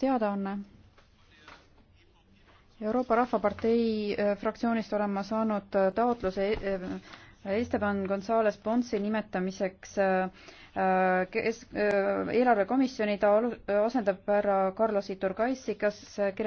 teadaanne. Euroopa Rahvapartei äh, fraktsioonist olen ma saanud äh, taotluse äh, Esteban Gonzalez Ponsi nimetamiseks eelarvekomisjoni, ta asendab härra Carlos Iturgaisi, kes